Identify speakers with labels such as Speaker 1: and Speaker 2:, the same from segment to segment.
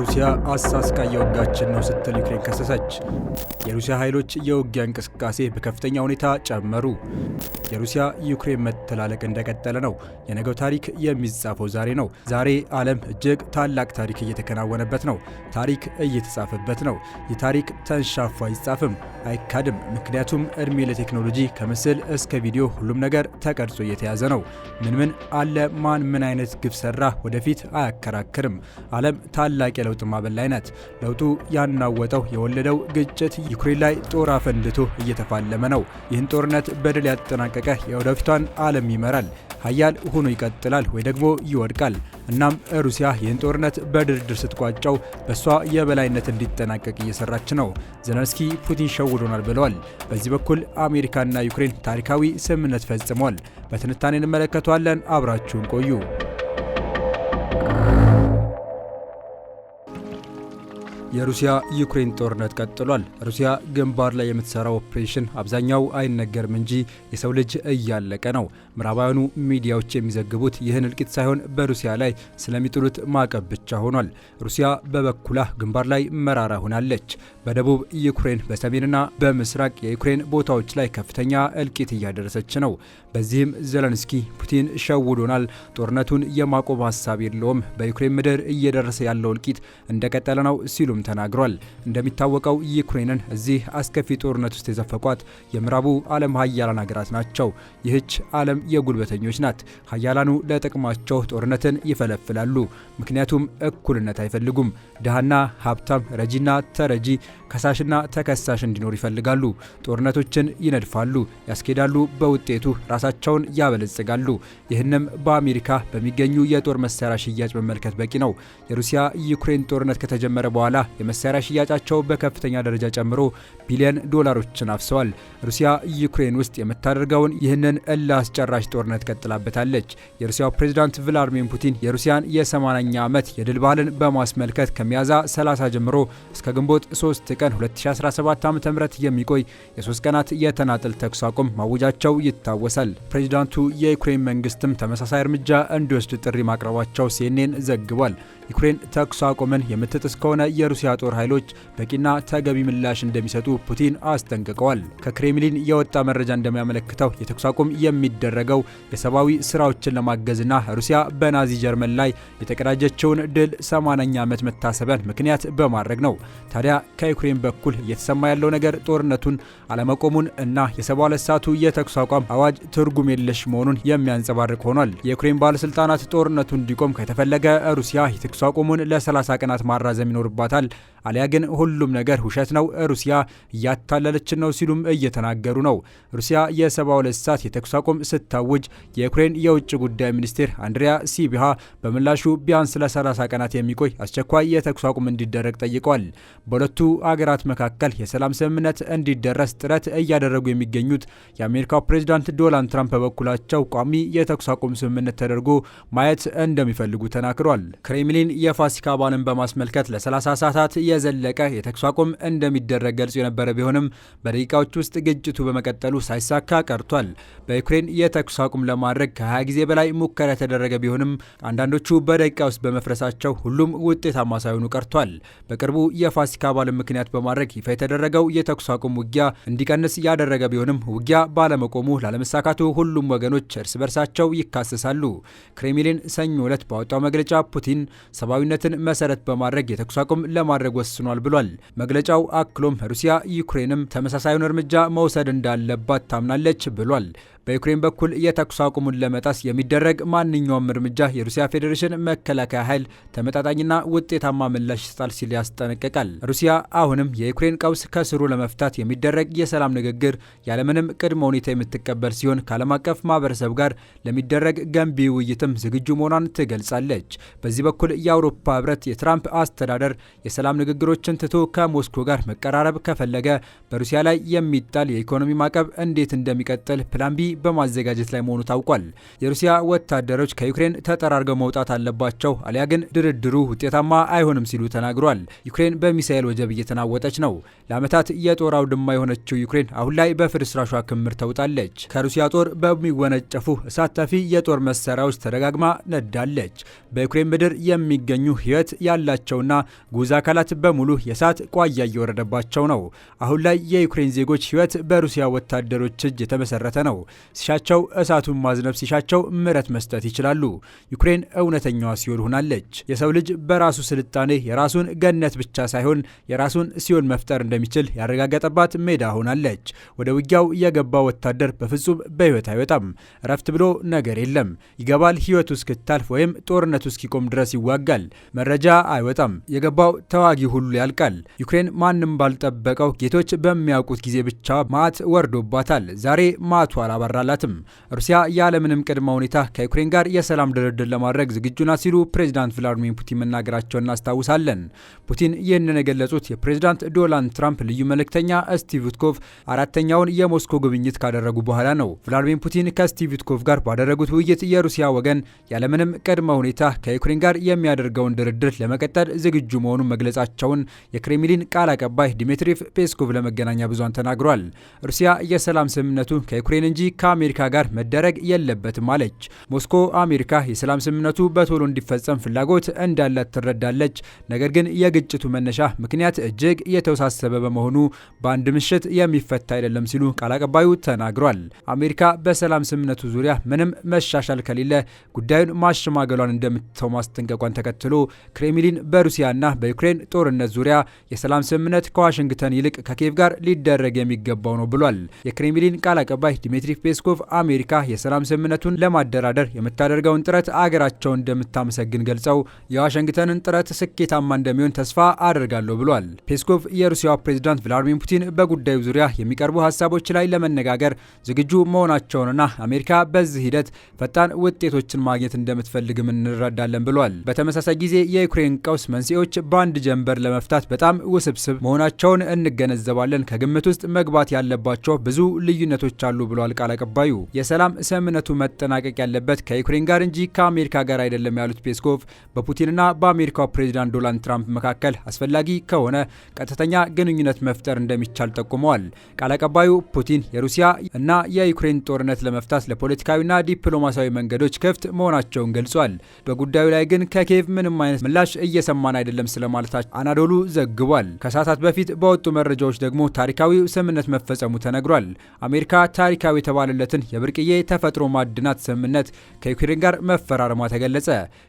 Speaker 1: ሩሲያ አሳስቃ እየወጋችን ነው ስትል ዩክሬን ከሰሰች። የሩሲያ ኃይሎች የውጊያ እንቅስቃሴ በከፍተኛ ሁኔታ ጨመሩ። የሩሲያ ዩክሬን መተላለቅ እንደቀጠለ ነው። የነገው ታሪክ የሚጻፈው ዛሬ ነው። ዛሬ ዓለም እጅግ ታላቅ ታሪክ እየተከናወነበት ነው። ታሪክ እየተጻፈበት ነው። ይህ ታሪክ ተንሻፎ አይጻፍም፣ አይካድም። ምክንያቱም እድሜ ለቴክኖሎጂ ከምስል እስከ ቪዲዮ ሁሉም ነገር ተቀርጾ እየተያዘ ነው። ምን ምን አለ፣ ማን ምን አይነት ግብ ሰራ፣ ወደፊት አያከራክርም። ዓለም ታላቅ ለውጥ ማበል ላይ ናት። ለውጡ ያናወጠው የወለደው ግጭት ዩክሬን ላይ ጦር አፈንድቶ እየተፋለመ ነው። ይህን ጦርነት በድል ያጠናቀቀ የወደፊቷን ዓለም ይመራል። ሀያል ሆኖ ይቀጥላል ወይ ደግሞ ይወድቃል። እናም ሩሲያ ይህን ጦርነት በድርድር ስትቋጨው በእሷ የበላይነት እንዲጠናቀቅ እየሰራች ነው። ዘለንስኪ ፑቲን ሸውዶናል ብለዋል። በዚህ በኩል አሜሪካና ዩክሬን ታሪካዊ ስምምነት ፈጽሟል። በትንታኔ እንመለከተዋለን። አብራችሁን ቆዩ። የሩሲያ ዩክሬን ጦርነት ቀጥሏል። ሩሲያ ግንባር ላይ የምትሰራው ኦፕሬሽን አብዛኛው አይነገርም እንጂ የሰው ልጅ እያለቀ ነው። ምዕራባውያኑ ሚዲያዎች የሚዘግቡት ይህን እልቂት ሳይሆን በሩሲያ ላይ ስለሚጥሉት ማዕቀብ ብቻ ሆኗል። ሩሲያ በበኩሏ ግንባር ላይ መራራ ሆናለች። በደቡብ ዩክሬን፣ በሰሜንና በምስራቅ የዩክሬን ቦታዎች ላይ ከፍተኛ እልቂት እያደረሰች ነው። በዚህም ዘለንስኪ ፑቲን ሸውዶናል፣ ጦርነቱን የማቆም ሀሳብ የለውም፣ በዩክሬን ምድር እየደረሰ ያለው እልቂት እንደቀጠለ ነው ሲሉም መሆኑንም ተናግሯል። እንደሚታወቀው ዩክሬንን እዚህ አስከፊ ጦርነት ውስጥ የዘፈቋት የምዕራቡ ዓለም ሀያላን ሀገራት ናቸው። ይህች ዓለም የጉልበተኞች ናት። ሀያላኑ ለጥቅማቸው ጦርነትን ይፈለፍላሉ። ምክንያቱም እኩልነት አይፈልጉም። ድሃና ሀብታም፣ ረጂና ተረጂ፣ ከሳሽና ተከሳሽ እንዲኖር ይፈልጋሉ። ጦርነቶችን ይነድፋሉ፣ ያስኬዳሉ። በውጤቱ ራሳቸውን ያበለጽጋሉ። ይህንም በአሜሪካ በሚገኙ የጦር መሳሪያ ሽያጭ መመልከት በቂ ነው። የሩሲያ ዩክሬን ጦርነት ከተጀመረ በኋላ የመሳሪያ ሽያጫቸው በከፍተኛ ደረጃ ጨምሮ ቢሊዮን ዶላሮችን አፍሰዋል። ሩሲያ ዩክሬን ውስጥ የምታደርገውን ይህንን እልህ አስጨራሽ ጦርነት ቀጥላበታለች። የሩሲያው ፕሬዚዳንት ቭላዲሚር ፑቲን የሩሲያን የ80ኛ ዓመት የድል ባህልን በማስመልከት ከሚያዝያ 30 ጀምሮ እስከ ግንቦት 3 ቀን 2017 ዓ.ም የሚቆይ የሶስት ቀናት የተናጠል ተኩስ አቁም ማወጃቸው ይታወሳል። ፕሬዚዳንቱ የዩክሬን መንግስትም ተመሳሳይ እርምጃ እንዲወስድ ጥሪ ማቅረባቸው ሲኤንኤን ዘግቧል። ዩክሬን ተኩስ አቁምን የምትጥስ ከሆነ የሩ የሩሲያ ጦር ኃይሎች በቂና ተገቢ ምላሽ እንደሚሰጡ ፑቲን አስጠንቅቀዋል። ከክሬምሊን የወጣ መረጃ እንደሚያመለክተው የተኩስ አቁም የሚደረገው የሰብአዊ ስራዎችን ለማገዝና ሩሲያ በናዚ ጀርመን ላይ የተቀዳጀችውን ድል 80ኛ ዓመት መታሰቢያን ምክንያት በማድረግ ነው። ታዲያ ከዩክሬን በኩል እየተሰማ ያለው ነገር ጦርነቱን አለመቆሙን እና የ72 ሰዓቱ የተኩስ አቋም አዋጅ ትርጉም የለሽ መሆኑን የሚያንጸባርቅ ሆኗል። የዩክሬን ባለስልጣናት ጦርነቱ እንዲቆም ከተፈለገ ሩሲያ የተኩስ አቁሙን ለ30 ቀናት ማራዘም ይኖርባታል። አሊያ ግን ሁሉም ነገር ውሸት ነው፣ ሩሲያ እያታለለችን ነው ሲሉም እየተናገሩ ነው። ሩሲያ የ72 ሰዓት የተኩስ አቁም ስታውጅ የዩክሬን የውጭ ጉዳይ ሚኒስቴር አንድሪያ ሲቢሃ በምላሹ ቢያንስ ለ30 ቀናት የሚቆይ አስቸኳይ የተኩስ አቁም እንዲደረግ ጠይቋል። በሁለቱ አገራት መካከል የሰላም ስምምነት እንዲደረስ ጥረት እያደረጉ የሚገኙት የአሜሪካው ፕሬዚዳንት ዶናልድ ትራምፕ በበኩላቸው ቋሚ የተኩስ አቁም ስምምነት ተደርጎ ማየት እንደሚፈልጉ ተናግሯል። ክሬምሊን የፋሲካ በዓልን በማስመልከት ለ30 ሰዓታት ሰዓታት የዘለቀ የተኩስ አቁም እንደሚደረግ ገልጾ የነበረ ቢሆንም በደቂቃዎች ውስጥ ግጭቱ በመቀጠሉ ሳይሳካ ቀርቷል። በዩክሬን የተኩስ አቁም ለማድረግ ከ20 ጊዜ በላይ ሙከራ የተደረገ ቢሆንም አንዳንዶቹ በደቂቃ ውስጥ በመፍረሳቸው ሁሉም ውጤታማ ሳይሆኑ ቀርቷል። በቅርቡ የፋሲካ በዓልን ምክንያት በማድረግ ይፋ የተደረገው የተኩስ አቁም ውጊያ እንዲቀንስ ያደረገ ቢሆንም ውጊያ ባለመቆሙ ላለመሳካቱ ሁሉም ወገኖች እርስ በርሳቸው ይካሰሳሉ። ክሬምሊን ሰኞ ዕለት ባወጣው መግለጫ ፑቲን ሰብአዊነትን መሰረት በማድረግ የተኩስ አቁም ለማድረግ ወስኗል ብሏል። መግለጫው አክሎም ሩሲያ ዩክሬንም ተመሳሳዩን እርምጃ መውሰድ እንዳለባት ታምናለች ብሏል። በዩክሬን በኩል የተኩስ አቁሙን ለመጣስ የሚደረግ ማንኛውም እርምጃ የሩሲያ ፌዴሬሽን መከላከያ ኃይል ተመጣጣኝና ውጤታማ ምላሽ ይሰጣል ሲል ያስጠነቅቃል። ሩሲያ አሁንም የዩክሬን ቀውስ ከስሩ ለመፍታት የሚደረግ የሰላም ንግግር ያለምንም ቅድመ ሁኔታ የምትቀበል ሲሆን ከዓለም አቀፍ ማህበረሰብ ጋር ለሚደረግ ገንቢ ውይይትም ዝግጁ መሆኗን ትገልጻለች። በዚህ በኩል የአውሮፓ ህብረት የትራምፕ አስተዳደር የሰላም ንግግሮችን ትቶ ከሞስኮ ጋር መቀራረብ ከፈለገ በሩሲያ ላይ የሚጣል የኢኮኖሚ ማዕቀብ እንዴት እንደሚቀጥል ፕላን ቢ በማዘጋጀት ላይ መሆኑ ታውቋል። የሩሲያ ወታደሮች ከዩክሬን ተጠራርገው መውጣት አለባቸው፣ አሊያ ግን ድርድሩ ውጤታማ አይሆንም ሲሉ ተናግሯል። ዩክሬን በሚሳኤል ወጀብ እየተናወጠች ነው። ለዓመታት የጦር አውድማ የሆነችው ዩክሬን አሁን ላይ በፍርስራሿ ክምር ተውጣለች። ከሩሲያ ጦር በሚወነጨፉ ተፊ የጦር መሳሪያዎች ተደጋግማ ነዳለች። በዩክሬን ምድር የሚገኙ ሕይወት ያላቸውና ጉዝ አካላት በሙሉ የእሳት ቋያ እየወረደባቸው ነው። አሁን ላይ የዩክሬን ዜጎች ሕይወት በሩሲያ ወታደሮች እጅ የተመሰረተ ነው። ሲሻቸው እሳቱን ማዝነብ ሲሻቸው ምረት መስጠት ይችላሉ። ዩክሬን እውነተኛዋ ሲኦል ሆናለች። የሰው ልጅ በራሱ ስልጣኔ የራሱን ገነት ብቻ ሳይሆን የራሱን ሲኦል መፍጠር እንደሚችል ያረጋገጠባት ሜዳ ሆናለች። ወደ ውጊያው የገባ ወታደር በፍጹም በህይወት አይወጣም። እረፍት ብሎ ነገር የለም። ይገባል ህይወቱ እስክታልፍ ወይም ጦርነቱ እስኪቆም ድረስ ይዋጋል። መረጃ አይወጣም። የገባው ተዋጊ ሁሉ ያልቃል። ዩክሬን ማንም ባልጠበቀው ጌቶች በሚያውቁት ጊዜ ብቻ ማት ወርዶባታል። ዛሬ ማቱ አላባ አልተዋራላትም። ሩሲያ ያለምንም ቅድመ ሁኔታ ከዩክሬን ጋር የሰላም ድርድር ለማድረግ ዝግጁ ናት ሲሉ ፕሬዚዳንት ቭላዲሚር ፑቲን መናገራቸው እናስታውሳለን። ፑቲን ይህንን የገለጹት የፕሬዚዳንት ዶናልድ ትራምፕ ልዩ መልእክተኛ ስቲቭ ዊትኮቭ አራተኛውን የሞስኮ ጉብኝት ካደረጉ በኋላ ነው። ቭላዲሚር ፑቲን ከስቲቭ ዊትኮቭ ጋር ባደረጉት ውይይት የሩሲያ ወገን ያለምንም ቅድመ ሁኔታ ከዩክሬን ጋር የሚያደርገውን ድርድር ለመቀጠል ዝግጁ መሆኑን መግለጻቸውን የክሬምሊን ቃል አቀባይ ዲሚትሪ ፔስኮቭ ለመገናኛ ብዙሃን ተናግሯል። ሩሲያ የሰላም ስምምነቱ ከዩክሬን እንጂ ከአሜሪካ ጋር መደረግ የለበትም አለች። ሞስኮ አሜሪካ የሰላም ስምምነቱ በቶሎ እንዲፈጸም ፍላጎት እንዳላት ትረዳለች። ነገር ግን የግጭቱ መነሻ ምክንያት እጅግ የተወሳሰበ በመሆኑ በአንድ ምሽት የሚፈታ አይደለም ሲሉ ቃል አቀባዩ ተናግሯል። አሜሪካ በሰላም ስምምነቱ ዙሪያ ምንም መሻሻል ከሌለ ጉዳዩን ማሸማገሏን እንደምትተው ማስጠንቀቋን ተከትሎ ክሬምሊን በሩሲያና በዩክሬን ጦርነት ዙሪያ የሰላም ስምምነት ከዋሽንግተን ይልቅ ከኬቭ ጋር ሊደረግ የሚገባው ነው ብሏል። የክሬምሊን ቃል አቀባይ ዲሚትሪ ፔስኮቭ አሜሪካ የሰላም ስምምነቱን ለማደራደር የምታደርገውን ጥረት አገራቸው እንደምታመሰግን ገልጸው የዋሽንግተንን ጥረት ስኬታማ እንደሚሆን ተስፋ አደርጋለሁ ብሏል። ፔስኮቭ የሩሲያ ፕሬዚዳንት ቭላዲሚር ፑቲን በጉዳዩ ዙሪያ የሚቀርቡ ሀሳቦች ላይ ለመነጋገር ዝግጁ መሆናቸውንና አሜሪካ በዚህ ሂደት ፈጣን ውጤቶችን ማግኘት እንደምትፈልግም እንረዳለን ብሏል። በተመሳሳይ ጊዜ የዩክሬን ቀውስ መንስኤዎች በአንድ ጀንበር ለመፍታት በጣም ውስብስብ መሆናቸውን እንገነዘባለን። ከግምት ውስጥ መግባት ያለባቸው ብዙ ልዩነቶች አሉ ብሏል ቃለ ተቀባዩ የሰላም ስምምነቱ መጠናቀቅ ያለበት ከዩክሬን ጋር እንጂ ከአሜሪካ ጋር አይደለም ያሉት ፔስኮቭ በፑቲንና በአሜሪካው ፕሬዚዳንት ዶናልድ ትራምፕ መካከል አስፈላጊ ከሆነ ቀጥተኛ ግንኙነት መፍጠር እንደሚቻል ጠቁመዋል። ቃል አቀባዩ ፑቲን የሩሲያ እና የዩክሬን ጦርነት ለመፍታት ለፖለቲካዊና ዲፕሎማሲያዊ መንገዶች ክፍት መሆናቸውን ገልጿል። በጉዳዩ ላይ ግን ከኪየቭ ምንም አይነት ምላሽ እየሰማን አይደለም ስለማለታቸው አናዶሉ ዘግቧል። ከሰዓታት በፊት በወጡ መረጃዎች ደግሞ ታሪካዊ ስምምነት መፈጸሙ ተነግሯል። አሜሪካ ታሪካዊ የተባለ የሚጣልለትን የብርቅዬ ተፈጥሮ ማዕድናት ስምምነት ከዩክሬን ጋር መፈራረሟ ተገለጸ።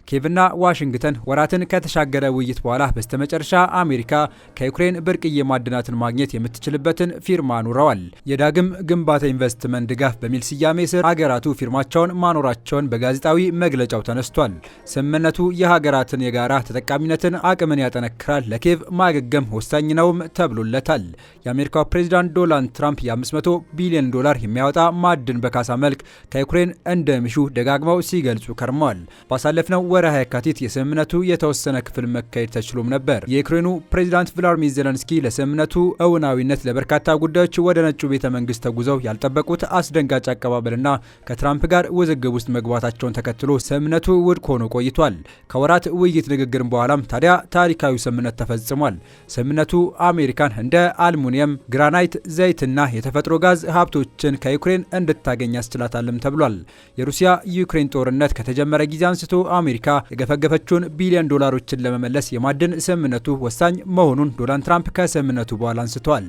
Speaker 1: ኬቭና ዋሽንግተን ወራትን ከተሻገረ ውይይት በኋላ በስተመጨረሻ አሜሪካ ከዩክሬን ብርቅዬ ማዕድናትን ማግኘት የምትችልበትን ፊርማ አኑረዋል። የዳግም ግንባታ ኢንቨስትመንት ድጋፍ በሚል ስያሜ ስር ሀገራቱ ፊርማቸውን ማኖራቸውን በጋዜጣዊ መግለጫው ተነስቷል። ስምምነቱ የሀገራትን የጋራ ተጠቃሚነትን አቅምን ያጠነክራል፣ ለኬቭ ማገገም ወሳኝ ነውም ተብሎለታል። የአሜሪካው ፕሬዚዳንት ዶናልድ ትራምፕ የ500 ቢሊዮን ዶላር የሚያወጣ ማዕድን በካሳ መልክ ከዩክሬን እንደሚሹ ደጋግመው ሲገልጹ ከርመዋል። ባሳለፍነው ወርሃ የካቲት የስምምነቱ የተወሰነ ክፍል መካሄድ ተችሎም ነበር። የዩክሬኑ ፕሬዚዳንት ቭላዲሚር ዜለንስኪ ለስምምነቱ እውናዊነት ለበርካታ ጉዳዮች ወደ ነጩ ቤተ መንግስት ተጉዘው ያልጠበቁት አስደንጋጭ አቀባበልና ከትራምፕ ጋር ውዝግብ ውስጥ መግባታቸውን ተከትሎ ስምምነቱ ውድቅ ሆኖ ቆይቷል። ከወራት ውይይት ንግግር በኋላም ታዲያ ታሪካዊ ስምምነት ተፈጽሟል። ስምምነቱ አሜሪካን እንደ አልሙኒየም፣ ግራናይት፣ ዘይትና የተፈጥሮ ጋዝ ሀብቶችን ከዩክሬን እንድታገኝ ያስችላታልም ተብሏል። የሩሲያ ዩክሬን ጦርነት ከተጀመረ ጊዜ አንስቶ አሜሪካ የገፈገፈችውን ቢሊዮን ዶላሮችን ለመመለስ የማዕድን ስምምነቱ ወሳኝ መሆኑን ዶናልድ ትራምፕ ከስምምነቱ በኋላ አንስተዋል።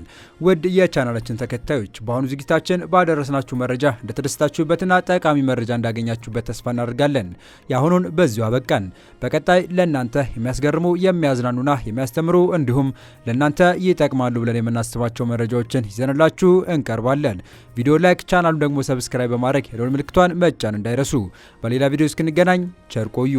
Speaker 1: ውድ የቻናላችን ተከታዮች በአሁኑ ዝግጅታችን ባደረስናችሁ መረጃ እንደተደስታችሁበትና ጠቃሚ መረጃ እንዳገኛችሁበት ተስፋ እናደርጋለን። የአሁኑን በዚሁ አበቃን። በቀጣይ ለእናንተ የሚያስገርሙ የሚያዝናኑና የሚያስተምሩ እንዲሁም ለእናንተ ይጠቅማሉ ብለን የምናስባቸው መረጃዎችን ይዘንላችሁ እንቀርባለን። ቪዲዮ ላይክ ቻናል ቻናሉ ደግሞ ሰብስክራይብ በማድረግ የደወል ምልክቷን መጫን እንዳይረሱ። በሌላ ቪዲዮ እስክንገናኝ ቸር ቆዩ።